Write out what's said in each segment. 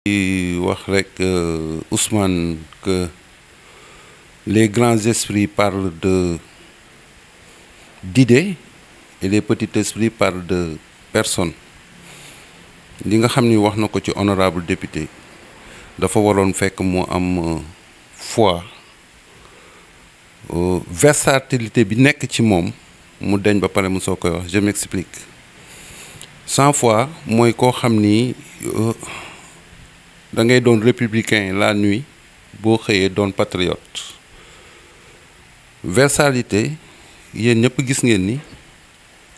di wax rek euh, Ousmane que les grands esprits parlent de d'idées et les petits esprits par de personnes li nga xam ni wax na ko ci honorable député dafa waroon fekk mu am euh, foi euh, versatilité bi nekk ci moom mu deñ ba pare mu soo koy wax je m'explique sans foi mooy koo xam ni. da ngay doon républicain la nuit boo xëyee doon patriote versalité yéen ñëpp gis ngeen ni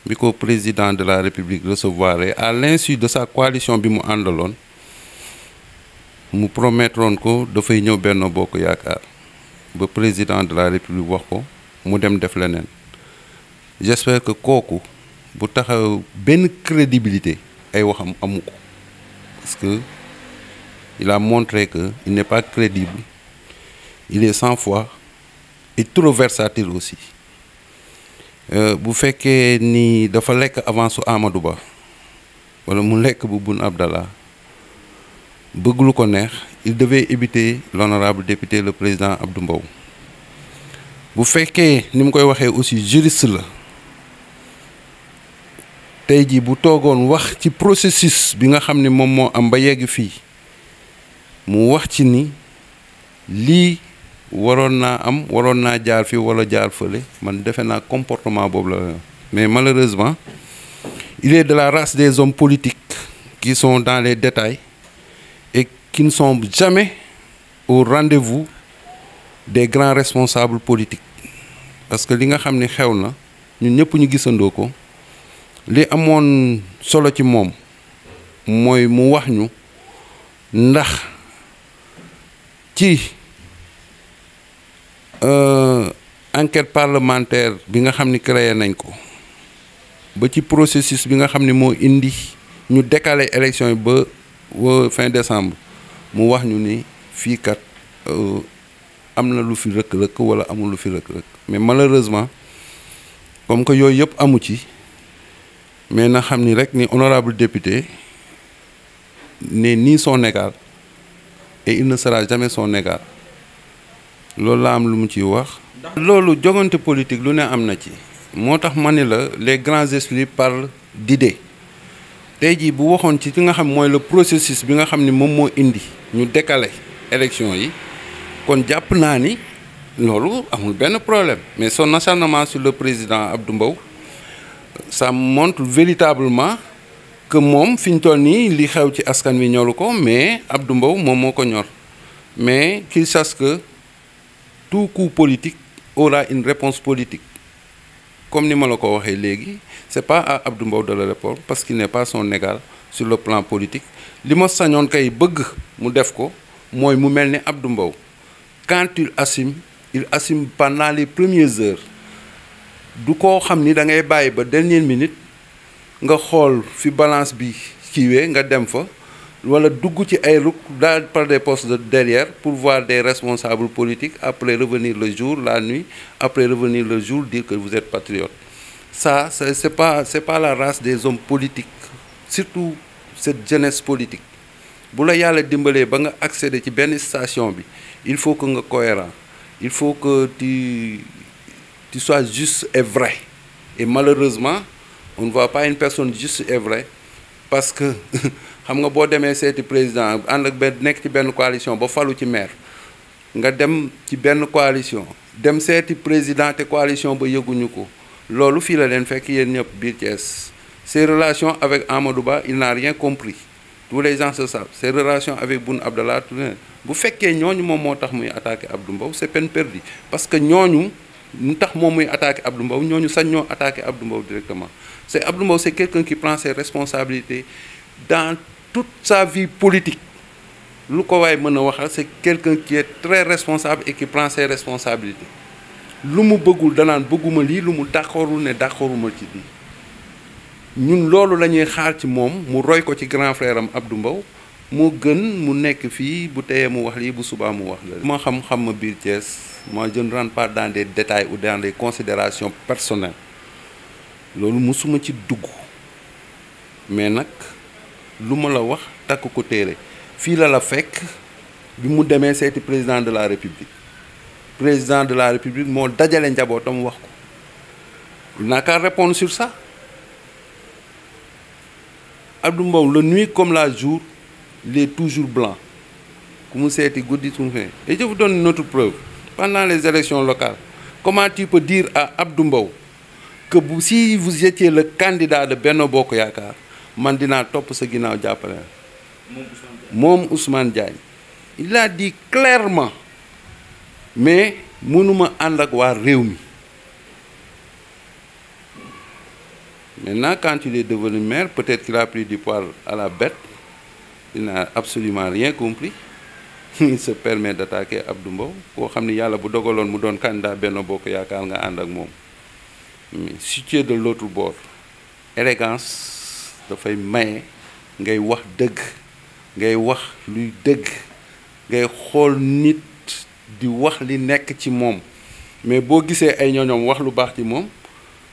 mi ko président de la république recevoir à l'insu de sa coalition bi mu àndaloon mu promettroon ko dafay ñëw benn Bokk Yaakaar ba président de la république wax ko mu dem def leneen j'espère que kooku bu taxaw benn crédibilité ay waxam amu ko il a que qu'il n'est pas crédible, il est sans foi et trop versatile aussi. Euh, bu fekkee ni dafa lekk avance su Amadou Ba wala mu lekk bu Boun Abdallah bëgg lu ko neex il devait éviter l'honorable député le président Abdou Mbow bu fekkee ni mu koy waxee aussi juriste la tey jii bu toogoon wax ci processus bi nga xam ne moom moo am ba yegg fii mu wax ci ni lii waroon naa am waroon naa jaar fi wala jaar fële man defe naa comportement boobu la mais malheureusement il est de la race des hommes politiques qui sont dans les détails et qui ne sont jamais au rendez-vous des grands responsables politiques parce que li nga xam ni xew na ñun ñëpp ñu gisandoo ko li amoon solo ci moom mooy mu wax ñu ndax ci euh, enquête parlementaire bi nga xam ni créé nañ ko ba ci processus bi nga xam ni moo indi ñu décaler élection yi ba fin décembre mu wax ñu ni fii kat euh, am na lu fi rëkk-rëkk walla amul lu fi rëkk-rëkk mais malheureusement comme que yooyu yëpp amu ci mais na xam ni rek ni honorable député ne ni son égal et il ne sera jamais loolu la am lu mu ciy wax. loolu jogante politique lu ne am na ci. moo tax ma ne la les grands esprits parlent d'idées tey jii bu waxoon ci li nga xam mooy le processus bi nga xam ni moom moo indi ñu décaler élection yi kon jàpp naa ni loolu amul benn problème mais so acharnement sur le président Abdou Mbow sa montre véritablement. que moom fi ñu toll nii li xew ci askan wi ñoru ko mais Abdou mbaw moom moo ko ñor mais qu'il sache que tout coup politique aura une réponse politique comme ni ma la ko waxee léegi c'est pas à Abdou mbaw de la répondre parce qu'il n'est pas son négal sur le plan politique li ma sañoon kay bëgg mu def ko mooy mu mel ni Abdou Mbow quand il assume il assume pendant les premières heures du koo xam ni dangay ngay bàyyi ba dernière minute nga xool fi balance bi kiiwee nga dem fa wala dugg ci ay ruq daal par des postes de derrière pour voir des responsables politiques après revenir le jour la nuit après revenir le jour dire que vous êtes patriote ça c'est pas la race des hommes politiques surtout cette jeunesse politique bu la yàlla dimbalee ba nga accéder ci benn station bi il faut que nga cohérent il faut que tu tu sois juste et vrai et malheureusement on ne voit pas une personne juste et vraie parce que xam nga boo demee seeti président ànd ak benn nekk ci benn coalition ba falu ci maire nga dem ci benn coalition dem seeti président te coalition ba yëguñu ko loolu fii la leen fekk yéen ñëpp biir Thiès ses relations avec Amadou Ba il n'a rien compris tous les gens se savent ses relations avec Boun Abdallah bu fekkee ñooñu moom moo tax muy attaqué Abdou Mbow c'est peine perdue parce que ñooñu lu tax moom muy attaqué Abdou Mbow ñooñu sañ ñoo attaqué Abdou Mbow directement c' est Abdou Mbow c' est quelqu'un qui dans toute sa vie politique lu ko waay mën a waxal c' est quelqu'un qui très responsable et qui prend lu mu bëggul danaan bëgguma lii lu mu d'accordul ne d'accorduma ci lii ñun loolu lañuy xaar ci moom mu roy ko ci grand frère am Abdou moo gën mu nekk fii bu teyee mu wax lii bu subaa mu wax la moo xam-xam ma biir Thiès mois je ne part pas dans des détails ou dans des considérations personnelles loolu mosuma ci dugg mais nag lu ma la wax takk ko téere fii la la fekk bi mu demee seeti président de la république président de la république moo dajale njabootam wax ko il n'a sur ça Abdou Mbow la nuit comme la jour il toujours blanc ku mu seeti guddi suñu et je vous donne notre preuve pendant les élections locales, comment tu peux dire à Abdou Mbow que bu si vous étiez le candidat de Benno Bokk Yaakaar man dinaa topp sa ginnaaw jàppale moom Ousmane Diagne il a dit clairement mais mënuma ànd ak waa réew mi mais quand il est devenu maire peut-être qu'il a pris du poil à la bête il n'a absolument rien compris il se permet d'attaquer ab Mbow koo xam ni yàlla bu dogaloon mu doon candidat benn Bokk Yaakaar nga ànd ak moom mais si de l'autre bord élégance dafay maye ngay wax dëgg ngay wax luy dëgg ngay xool nit di wax li nekk ci moom mais boo gisee ay ñooñoom wax lu baax ci moom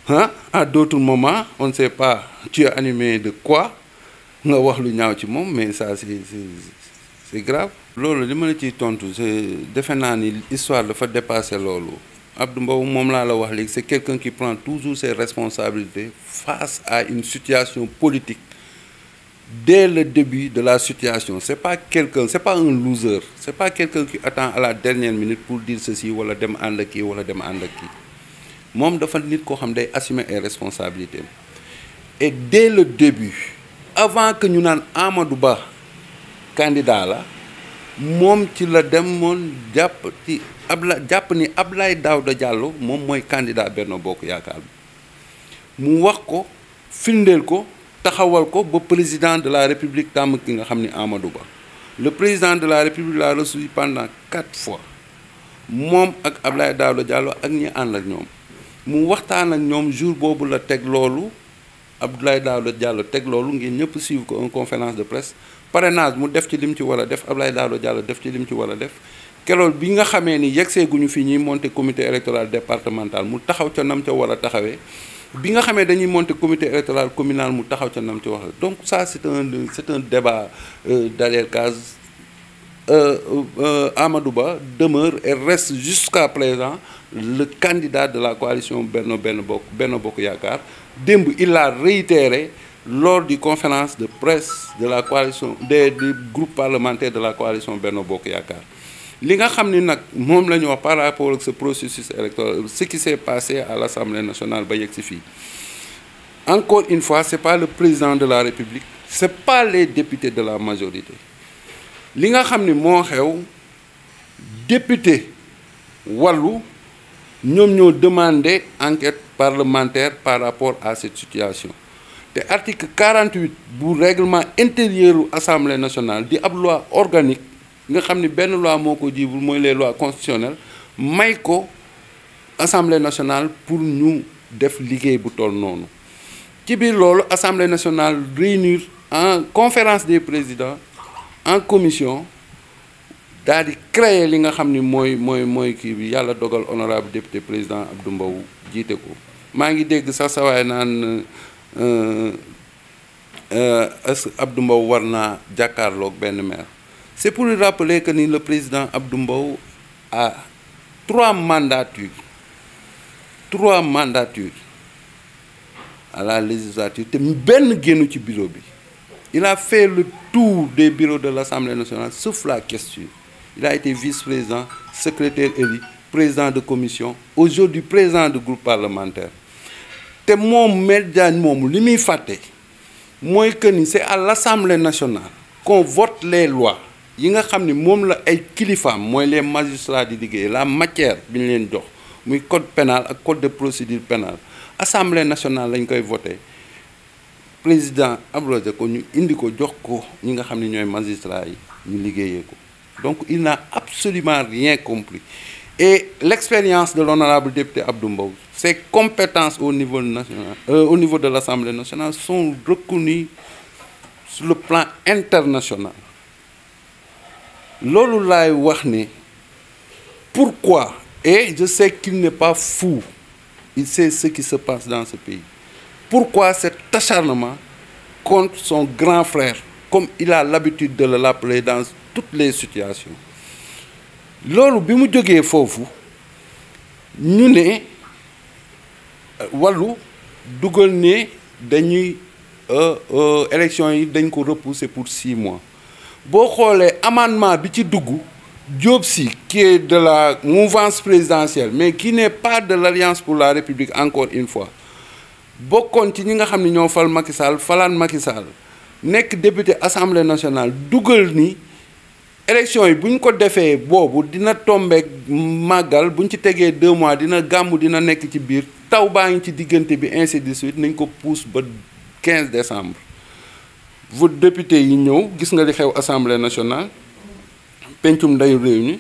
ah à d'autres moments on ne sait pas tu es animé de quoi nga wax lu ñaaw ci moom mais ça c'est c'est loolu li ma la ciy tontu defe naa ni histoire dafa dépassé loolu Abdou Mbow moom laa la wax léegi c'est quelqu'un qui prend toujours ses responsabilités face à une situation politique dès le début de la situation c'est pas quelqu'un c'est pas un loser c'est pas quelqu'un qui attend à la dernière minute pour dire ceci wala dem ànd ak kii wala dem ànd ak kii moom dafa nit koo xam day assumer ay responsabilité et dès le début avant que ñu naan Amadou Ba. candidat la moom ci la demoon jàpp ci abla jàpp ni daaw Daouda Diallo moom mooy candidat benn Bokk Yaakaar mu wax ko firndeel ko taxawal ko ba président de la république tàmm ki nga xam ni Amadou Ba le président de la république l'a reçu pendant quatre fois moom ak Ablaye Daouda Diallo ak ñi ànd ak ñoom mu waxtaan ak ñoom jour boobu la teg loolu Abdoulaye Daouda Diallo teg loolu ngeen ñëpp suivre ko une conférence de presse parrainage mu def ci lim ci war a def Abdoulaye Daouda Diallo def ci lim ci war a def keroog bi nga xamee ni yegsee guñu fi ñuy monter commité électoral départemental mu taxaw ca nam ca war taxawee bi nga xamee dañuy monter commité électoral communal mu taxaw ca nam ci wax donc ça c'est un c'est un débat euh, derrière case euh, euh, Amadou Ba demeure et reste jusqu'à présent le candidat de la coalition benn Benno Bokk benn Bokk Yaakaar démb il l'a lors du conférence de presse de la coalition de du groupe parlementaire de la coalition Benno Bokk Yaakaar li nga xam ni nag moom la ñu wax par rapport ak ce processus électoral ce qui s'est passé à l'Assemblée nationale ba yegg si fii encore une fois c'est pas le président de la République c'est pas les députés de la majorité li nga xam ni moo xew député wàllu ñoom ñoo demandé enquête parlementaire par rapport à cette situation te article 48 bu règlement intérieur u assemblée nationale di ab loi organique nga xam ni benn loi moo ko jiibul mooy les lois constitutionnelles may ko assemblée nationale pour ñu def liggéey bu toll noonu ci biir loolu assemblée nationale réunir en conférence des président en commission daal créer li nga xam ni mooy mooy mooy kii bi yàlla dogal honorable député président Abdou Mbow jiite ko maa ngi dégg sax sawaay naan Euh, euh, est-ce que Abdou Mbow war naa jàkkaarloog benn maire c'est pour rappeler que ni le président Abdou Mbow a trois mandatures trois mandatures à la législature te benn génnu ci bureau bi il a fait le tour des bureaux de l'Assemblée nationale sauf la question il a été vice-président secrétaire élu président de commission aujourd'hui président de groupe parlementaire te moom Maître Diagne moomu li muy fàtte mooy que ni c'est à l'Assemblée nationale qu'on vote le lois yi nga xam ni moom la ay kilifaam mooy les magistrats di liggéey la matière bi ñu leen jox muy code pénale ak code de procédure pénale Assemblée nationale lañ koy voté président abrogé ko ñu indi ko jox ko ñi nga xam ne ñooy magistrats yi ñu liggéeyee ko donc il n'a absolument rien compris Et l'expérience de l'honorable député Abdoumbaou, ses compétences au niveau, national, euh, niveau de l'Assemblée nationale sont reconnues sur le plan international. loolu laay wax ne pourquoi et je sais qu'il n'est pas fou il ce qui se passe dans ce pays pourquoi cet acharnement contre son grand frère comme il a l'habitude de l'appeler dans toutes les situations loolu bi mu jógee foofu ñu ne wàllu dugal ne dañuy euh, euh, élection yi dañ ko repousser pour six mois boo xoolee amendement bi ci dugg Diop Sy qui de la mouvance présidentielle mais qui n'est pas de l'Alliance pour la République encore une fois bokkoon ci ñi nga xam ne ñoo fal Macky Sall falaan nekk député assemblée nationale dugal ni élection yi buñ ko defee boobu dina tombeek màggal bu ci tegee deux mois dina gàmmu dina nekk ci biir taw baa ngi ci diggante bi ainsi de suite nañ ko pousse ba 15 décembre vote député yi ñëw gis nga li xew assemblée nationale pencum ndeyu réew mi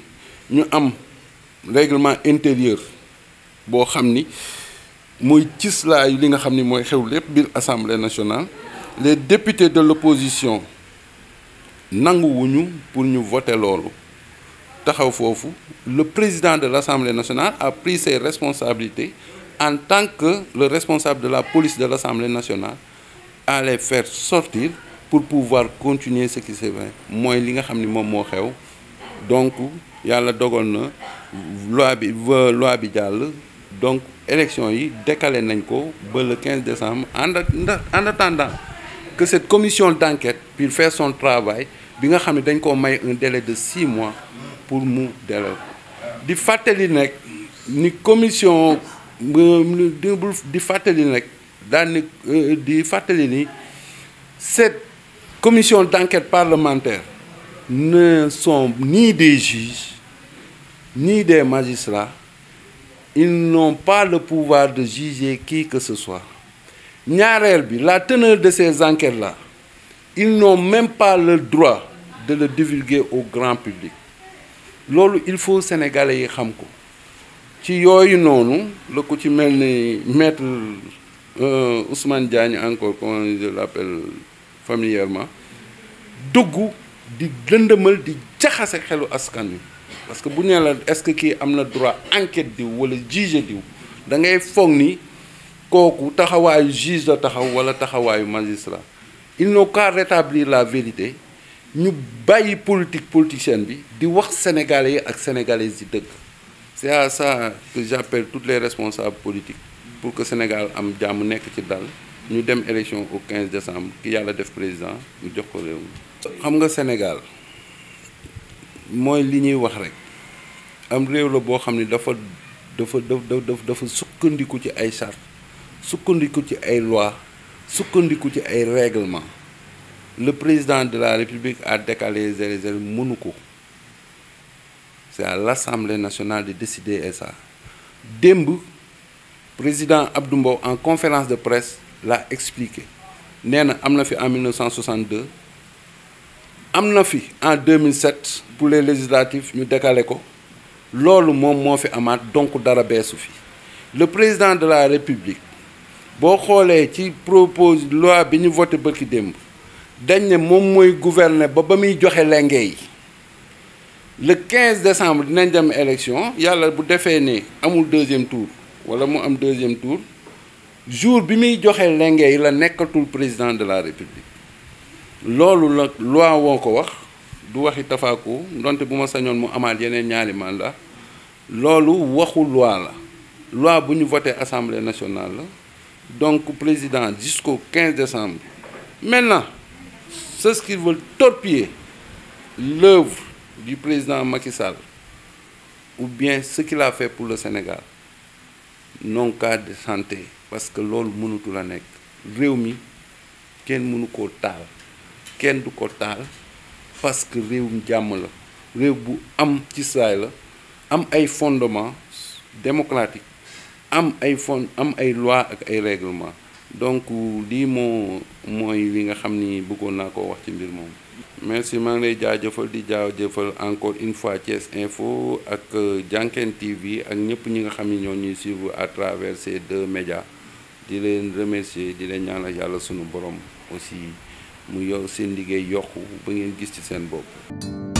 ñu am règlement intérieur boo xam ni mooy cislaayu li nga xam ni mooy xew lépp biir assemblée nationale les députés de l'opposition nanguwuñu pour ñu voter loolu taxaw foofu le président de l'Assemblée nationale a pris ses responsabilités en tant que le responsable de la police de l'Assemblée nationale à les faire sortir pour pouvoir continuer ce qui s'est mooy li nga xam ni moom moo xew donc yàlla dogal na loi bi loi bi jàll donc élection yi décalé nañ ko ba le 15 décembre en en que cette commission d'enquête puisse faire son travail bi nga xam ne dañ koo may un délai de six mois pour mu délai di fàttali nekk ni commission di fàttali nekk daal di fàttali ni cette commission d'enquête parlementaire ne son ni des juges ni des magistrats ils n'ont pas le pouvoir de juger qui que ce soit ñaareel bi la teneur de ces enquêtes là ils n'ont même pas le droit de le divulguer au grand public loolu il faut sénégalais yi xam ko ci yooyu noonu la ko ci mel ni maître euh, Ousmane Diagne encore comment je l'appelle familièrement dugg di lëndëmal di jaxase xelu askan wi parce que bu nee la est-ce que kii am na droit enquête diw wala juge diw da foog ni kooku taxawaayu juge la taxaw wala taxawaayu magistrat ils n'ont qu'à rétablir la vérité ñu bàyyi politique politicienne bi di wax sénégalais yi ak sénégalaises yi dëkk c'est à ça que j'appelle tous les responsables politiques pour que Sénégal am jàmm nekk ci dal ñu dem élection au 15 décembre ki yàlla def président ñu jox ko réew mi xam nga Sénégal mooy li ñuy wax rek am réew la boo xam ne dafa dafa dafa dafa sukkandiku ci ay charte sukkandiku ci ay loi sukkandiku ci ay règlement le président de la république à décalé zéro zéro mënu ko c'est à l'assemblée nationale de décider ça démb président Abdou Mbow en conférence de presse l'a expliqué nee na am na fi en 1962 am na fi en 2007 pour les législatives ñu décalé ko loolu moom moo fi amaat donc dara beesu fi le président de la république boo xoolee ci propose loi bi ñu voté bëkki démb dañ ne moom mooy gouverner ba ba muy joxe lenge yi le 15 décembre dinañ dem élection yàlla bu defee ne amul deuxième tour wala mu am deuxième tour jour bi muy joxe lenge yi la nekkatul président de la république loolu la loi woo ko wax du waxi tafaaku donte bu ma sañoon mu amaat yeneen ñaari mandat loolu waxu loi la loi bu ñu voté assemblée nationale la donc président jusqu'au 15 décembre. Maintenant, ceux qui veulent torpiller l'œuvre du président Macky ou bien ce qu'il a fait pour le Sénégal non cas de santé parce que loolu mënutu la nekk réew mi kenn mënu koo taal kenn du ko taal parce que réewum jàmm la réew bu am ci saay la am ay fondement démocratique am ay fond am ay loi ak ay règlement donc lii moo mooy li nga xam ni bëggoon naa ko wax ci mbir moom merci maa ngi lay jaajëfal di jëfal encore une fois Thiès Info ak euh, Dianken TV ak ñëpp ñi nga xam ni ñoo ñuy suivre à travers ces deux di leen remercier di leen ñaanal yàlla sunu borom aussi mu yow seen liggéey yokku ba ngeen gis ci seen bopp.